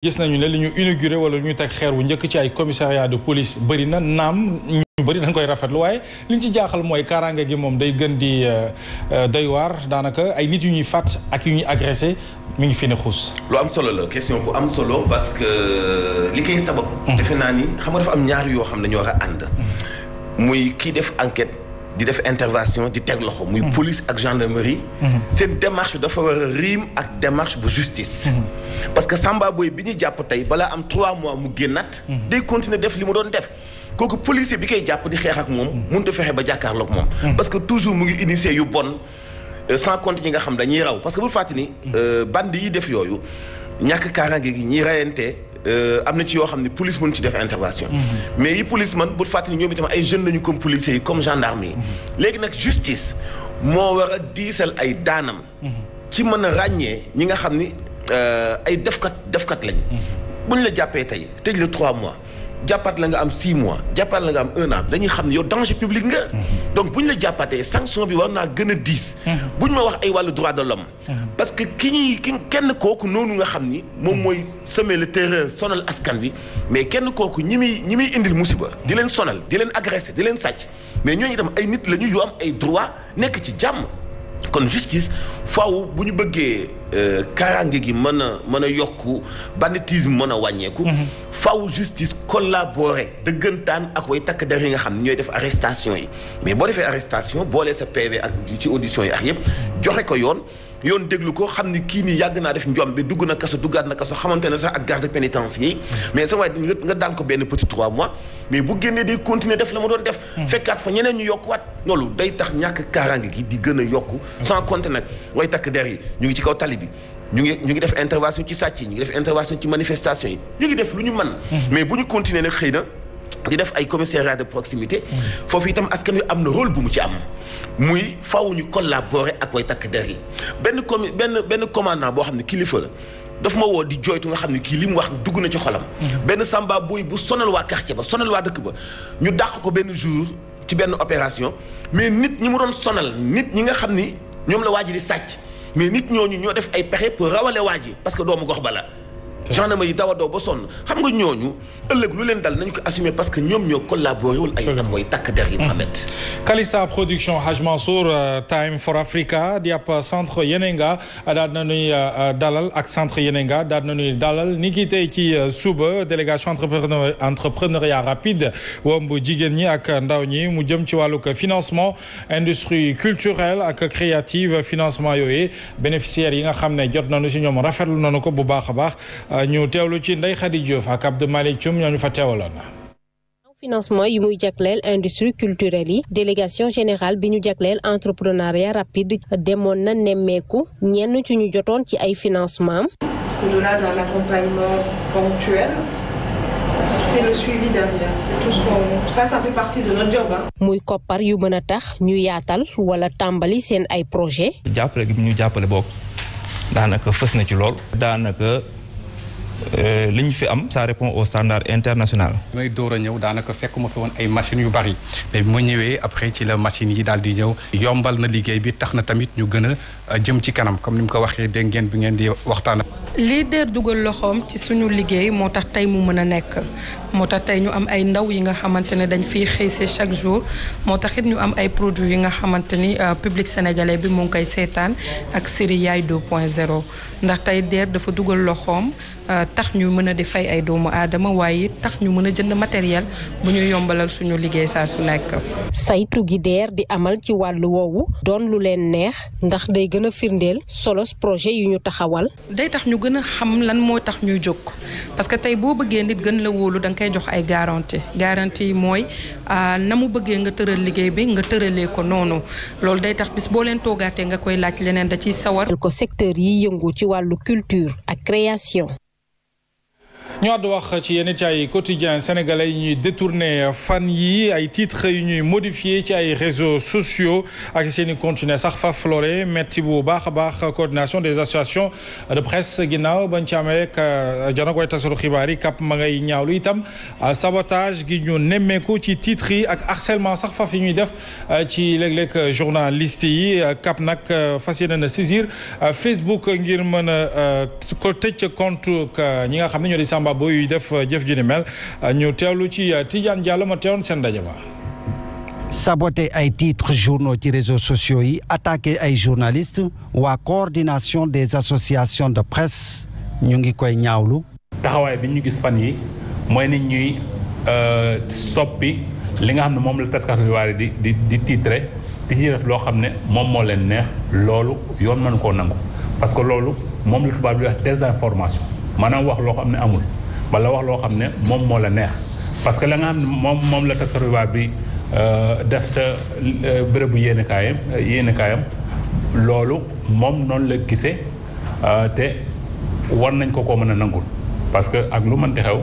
gis nañu ne li ñu inauguré wala ñu teg xeer wu njëkk ci ay commissariat de police bëri na naam ñu bëri dañ koy rafetlu waaye li ñu ci jaaxal mooy kaaraange gi moom day gën di euh, euh, doy waar daanaka ay nit yu ñuy fàtt ak yu ñuy agressé mu ngi fi ne xuus. lu am solo la question bu am solo parce que euh, li koy sabab. Mm. defe naa ni xam nga dafa am ñaar yoo xam ne ñoo war a ànd. Mm. muy kii def enquête. di def intervention di teg loxo. muy mm-hmm. police ak gendarmerie. Mm-hmm. seen démarche dafa war a riim ak démarche bu justice. Mm-hmm. parce que Samba Boy bi ñu jàpp tey balaa am trois mois mu génnaat. day continuer def li mu doon def. kooku policier bi koy jàpp di xeex moom. mënut a fexe ba jàkkaarloog moom. parce que toujours mu ngi initier yu bon. Euh, sans compte ñi nga xam dañuy raw parce que bul fàttali euh, band yi def yooyu ñàkk kaaraange gi ñiy rayante. Euh, am na ci yoo xam ne police mën ci def intervention. Mhm. mais yi police man bu fàttali ñoom itam ay jeunes lañu comme policiers yi comme gendarme yi. Mhm. léegi nag justice moo war a diisal ay daanam. Mhm. ci mën a ràññee ñi nga xam ni euh, ay defkat defkat lañ. buñ la jàppee tey tëj la trois mois. jàppaat la nga am 6 mois jàppaat la nga am 1 an dañuy xam ne yow danger public nga. Mm-hmm. donc bu ñu la jàppaatee sanction bi war naa gën a diis. Mm-hmm. bu ñu ma wax ay wàllu droit de l'homme mm-hmm. parce que ki ñuy ki kenn kooku noonu nga xam ni. moom mooy semer le terreur sonal askan bi mais kenn kooku ñi muy ñi muy indil musiba. di leen sonal di leen agressé di leen sàcc mais ñooñu itam ay nit la ñu yu am ay droit nekk ci jàmm. kon justice faw bu ñu bëggee euh, kaaraange gi mën a mën a yokku banditisme mën a wàññeeku. Mm -hmm. faaw justice collaborer dëggantaan ak way takk der yi nga xam ne ñooy def arrestation yi mais boo defee arrestation boolee sa PV ak ci audition yi ak yëpp joxe ko yoon. yoon déglu ko xam ni kii nii yàgg naa def njom bi dugg na du duggaat na kaso xamante ne sax ak garde pénitentiaire mm. mais sa waaye nga daan ko benn petit trois mois mais bu génnee day continuer def la ma doon def mm. fekkaat fa ñeneen ñu yokkuwaat loolu day tax ñàkk kaaraange gi di gën a yokku mm. sans compter nag way takk der yi ñu ngi ci kaw tali bi ñu ngi ñu ngi def intervention ci sàcc yi ñu ngi def intervention ci manifestation yi ñu ngi def lu ñu mën mais bu ñu continuer nag xëy na di def ay commissariat de proximité foofu itam askan wi am na rôle bu mu ci am muy fawuñu ñu collaborer ak way takk der yi benn commi benn benn commandant boo xam ne kilifa la daf ma woo di jooytu nga xam ne kii li mu wax dugg na ci xolam mm-hmm. benn samba buy bu sonal waa quartier ba sonal waa dëkk ba ñu dàq ko benn jour ci benn opération mais nit ñi mu doon sonal nit ñi nga xam ni ñoom la waa ji di sàcc mais nit ñooñu ñoo def ay pexe pour rawale waa ji parce que doomu gox ba gendarme yi dawa doo ba sonn xam nga ñooñu ëllëg lu leen dal nañu ko assumer parce que ñoom ñoo collaboré wul ay am mooy takk der yi mm-hmm. Mohamed Kalista production Haj Mansour euh, Time for Africa di ab euh, centre Yenenga euh, daal nañuy dalal ak centre Yenenga daal nañuy dalal ni ki tey ci suba délégation entrepreneur entrepreneuriat rapide womb jigéen ñi ak ndaw ñi mu jëm ci wàllug financement industrie culturelle ak créative financement yooyu bénéficiaires yi nga xam ne jot nañu si ñoom rafetlu nañu ko bu baax a baax ñu teewlu ci Ndeye Khady Diouf ak Abdou Malick Thioum ñoo ñu fa teewaloon. financement yi muy jagleel industrie culturelle yi délégation générale bi ñu jagleel entrepreneuriat rapide demoon na nemmeeku ñenn ci ñu jotoon ci ay financement parce muy koppar yu mën a tax ñu yaatal wala tàmbali seen ay projet jàppale gi ñu jàppale boog daanaka fës na ci lool daanaka Euh, li ñu fi am ça répond au standard international. mooy door a ñëw daanaka fekkuma fi woon ay machines yu bari mais ñëwee après ci la machines yi daal di ñëw yombal na liggéey bi tax na tamit ñu gën a euh, jëm ci kanam comme ni mu ko waxee dégg ngeen ngeen di waxtaan. lii DER dugal loxoom ci suñu liggéey moo tax tey mu mën a nekk moo tax tey ñu am ay ndaw yi nga xamante ne dañ fiy xëysee chaque jour moo tax it ñu am ay produits yi nga xamante ni euh, public sénégalais bi mu ngi koy seetaan ak série yaay 2.0 ndax tey DER dafa dugal loxoom. Euh, tax ñu mën a di fay ay doomu aadama waaye it tax ñu mën a jënd matériel bu ñu yombalal suñu liggéey saa su nekk. saytu gi DER di amal ci wàllu woowu doon lu leen neex ndax day gën a firndeel solos projet yu ñu taxawal. day tax ñu gën a xam lan moo tax ñuy jóg parce que tey boo bëggee nit gën la wóolu danga koy jox ay garantie garantie mooy euh, na mu bëggee nga tëral liggéey bi nga tëralee ko noonu loolu day tax bis boo leen toogaatee nga koy laaj leneen da ciy sawar. ko secteur yi yëngu ci wàllu culture ak ñu àddu wax ci yenn ci ay quotidien sénégalais yi ñuy détourné fan yi ay titre yu ñuy modifié ci ay réseaux sociaux ak seen i continué sax fa floré metti bu baax a baax coordination des associations de presse ginnaaw bañ ci amee rek euh, jana koy tasaru xibaar yi kap ma ngay ñaawlu itam euh, sabotage gi ñu nemmeeku ci titres yi ak harcèlement sax faf yi ñuy def euh, ci léeg-léeg journaliste yi kap nag fas yéene na saisir Facebook ngir mën a ko tëj compte ñi nga xam ne ñoo di Zimbabwe yuy def euh, jëf ju ni mel euh, ñu teewlu ci euh, Tidiane Diallo ma teewoon seen ndaje ma saboté ay titres journaux ci réseaux sociaux yi attaqué ay journalistes waa coordination des associations de presse ñu ngi koy ñaawlu. taxawaay bi ñu gis fan yi mooy nit ñuy soppi li nga xam ne moom la taskatu xibaar di di di loo xam ne moom moo leen neex loolu yoon mën koo nangu parce que loolu moom la tubaab di wax désinformation maanaam wax loo xam ne amul. wala wax loo xam ne moom moo la neex parce que la nga xam ne moom moom la taskatu xibaar bi euh, def sa euh, bërëbu yéene kaayam euh, yéene loolu moom noonu la gisee te war nañ ko koo mën a nangul parce que ak lu mënti xew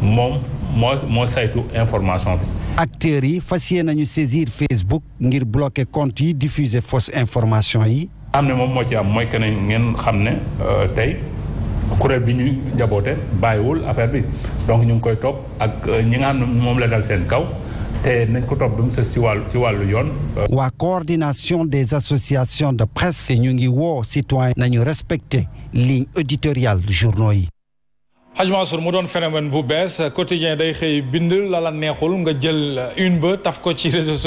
moom moo moo saytu information bi. acteurs yi fas yéene nañu saisir Facebook ngir bloquer compte yi diffuser fausse information yi. am ne moom moo ci am mooy que ne ngeen xam ne tey. kuréel bi ñu jaboote bàyyiwul affaire bi donc ñu ngi koy topp ak euh, ñi nga xam moom la dal seen kaw te nañ ko topp ba mu sës si wàllu si wàllu yoon. Euh, waa coordination des associations de presse. ñu ngi woo citoyen nañu respecté ligne éditoriale journaux yi. Hadj Mansour mu doon phénomène bu bees quotidien day xëy bind la la neexul nga jël une ba taf ko ci réseaux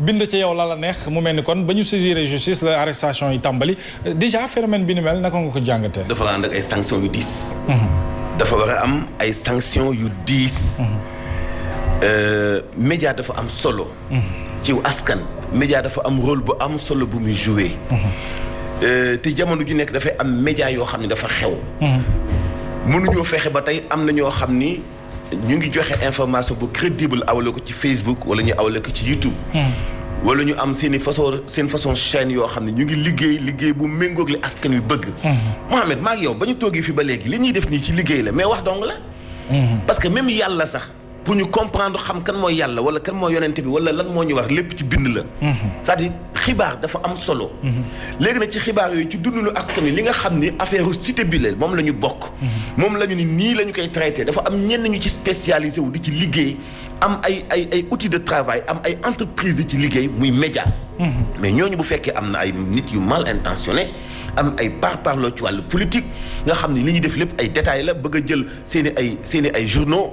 bind ci yow la neex mu mel ni kon ba ñu saisir justice la arrestation yi tàmbali déjà phénomène bi ni mel nga ko jàngatee. dafa ay sanctions yu mhm. dafa war am ay sanctions yu diis. Mhm. Euh, média dafa am solo. Mhm. ci askan. média dafa am rôle bu am solo bu muy joué. Euh, te jamono ju nekk dafay am média yoo xam ne dafa xew. mënuñoo fexe ba tey am na ñoo xam ni ñu ngi joxe information bu crédible awale ko ci Facebook wala ñu awale ko ci YouTube. Hmm. wala ñu am seen i façon seen façon chaîne yoo xam ne ñu ngi liggéey liggéey bu méngoog li askan wi bëgg. Hmm. Mohamed maa ngi yow ba ñu toogee fi ba léegi li ñuy def nii ci liggéey la mais wax dong la. Hmm. parce que même yàlla sax. pour ñu comprendre xam kan mooy yàlla wala kan mooy yonent bi wala lan moo ñu wax lépp ci bind la. Mhm. cest à xibaar dafa am solo. Mhm. léegi nag ci xibaar yooyu ci dundu askan wi li nga xam ni affaire cité bi la moom la ñu bokk. Mhm. moom la ñu ni nii la koy traité dafa am ñenn ñu ci spécialisé wu di ci liggéey am ay ay ay outils de travail am ay entreprises yu ci liggéey muy média. mais ñooñu bu fekkee am na ay nit yu mal intentionné am ay par parloo ci wàllu politique nga xam ni li ñuy def lépp ay détails la bëgg a jël seen ay seen ay journaux.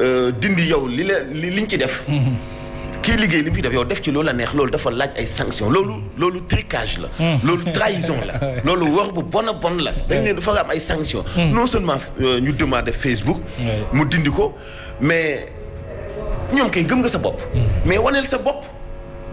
Euh, dindi yow li la li liñ ci def. Mhm. kii liggéey li mu ci def yow def ci loolu la neex loolu dafa laaj ay sanctions loolu loolu tricage la. Mhm. loolu trahison la. loolu wax bu bon a bon la. dañ ne dafa am ay sanctions. Mhm. non seulement euh, ñu demandé Facebook. mu dindi ko mais ñoom kay gëm nga sa bopp. mais waneel sa bopp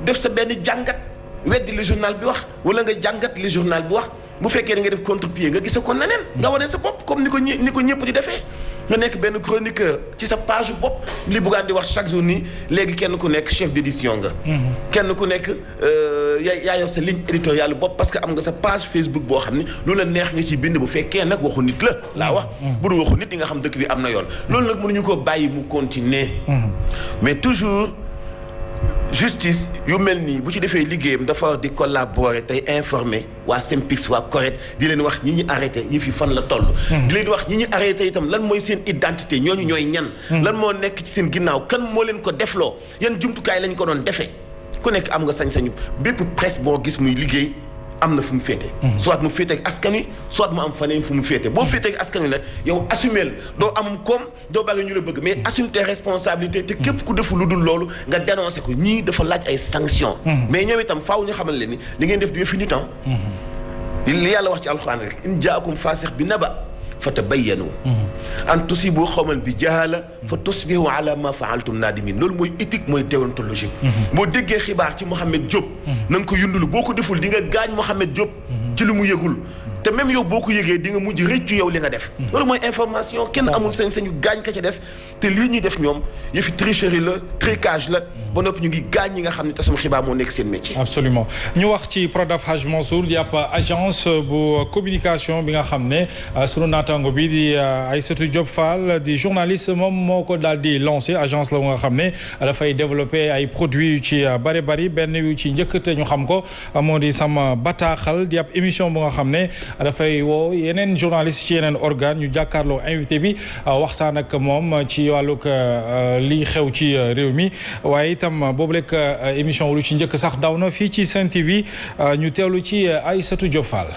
def sa benn jàngat weddi li journal bi wax wala nga jàngat li journal bi wax bu fekkee da nga def contre-pied nga gis ko neneen. nga waneel sa bopp comme ni ko ñi ni ko ñëpp di defee. nga nekk benn chroniqueur ci sa page bopp li buggaan di wax chaque jour nii léegi kenn ku nekk chef d'édition nga mhm. kenn ku nekk euh, yaa yor sa ligne éditoriale bopp parce que am nga sa page Facebook boo xam ni lu la neex nga ci bind bu fekkee nag waxu nit la laa wax mhm. bu du waxu nit yi nga xam dëkk bi am na yoon loolu nag mënuñu ko bàyyi mu continuer mhm. mais toujours justice yu mel nii bu ci defee liggéeyam dafa di collaborer tey informé waa Simpix waa correct di leen wax ñi ñu arrêté ñi fi fan la toll. Hmm. di leen wax ñi ñu arrêté itam lan mooy seen identité ñooñu ñooy ñan. Hmm. lan moo nekk ci seen ginnaaw kan moo leen ko defloo yan jumtukaay lañ ko doon defee ku nekk am nga sañ-sañu bépp presse boo gis muy liggéey. am na fu mu féete mhm. soit mu féete ak askan wi soit mu am faneen fu mu féete boo mhm. féete ak askan wi nag yow assumeel doo am koom doo bari ñu la bëgg mais mhm. assume tes responsabilités te képp ku defu lu dul loolu nga dénoncé ko ñii dafa laaj ay sanctions mais ñoom itam faaw ñu xamal leen ni li ngeen def du yëfi nit li yàlla wax ci alxuraan rek in jaakum faasix bi naba fa tabayyanu an tusibu xawman bi jahala fa tusbihu ala ma faaltum naadimin loolu mooy éthique mooy déontologique boo déggee xibaar ci Mouhamed Diop na nga ko yundulu boo ko deful di gaañ Mouhamed Diop ci lu mu te même yow boo ko yëgee di nga mujj rëccu yow li nga def. Mhm. loolu mooy information kenn amul sañ-sañu gaañ ka ca des te lii ñuy def ñoom yëfi tricherie la tricage la mhm. ba noppi ñu ngi gaañ ñi nga xam ne tasum xibaar moo nekk seen métier. absolument ñu wax ci Prodaf Haj Mansour di ab agence bu communication bi nga xam ne euh, sunu naataango bi di ay euh, Aïssatou Diop Fall di journaliste moom moo ko daal di lancé agence la nga xam ne dafay développé ay produits yu ci euh, bari bari benn yu ci njëkk ñu xam ko moo di sama bataaxal di émission bu nga xam ne. dafay woo yeneen journaliste ci yeneen organe ñu jàkkaarloo invité bi euh, waxtaan ak moom ci wàllug euh, euh, lii xew ci réew mi waaye itam boobu émission lu ci njëkk sax daw na fii ci Sen TV ñu teewlu ci ay Diop Fall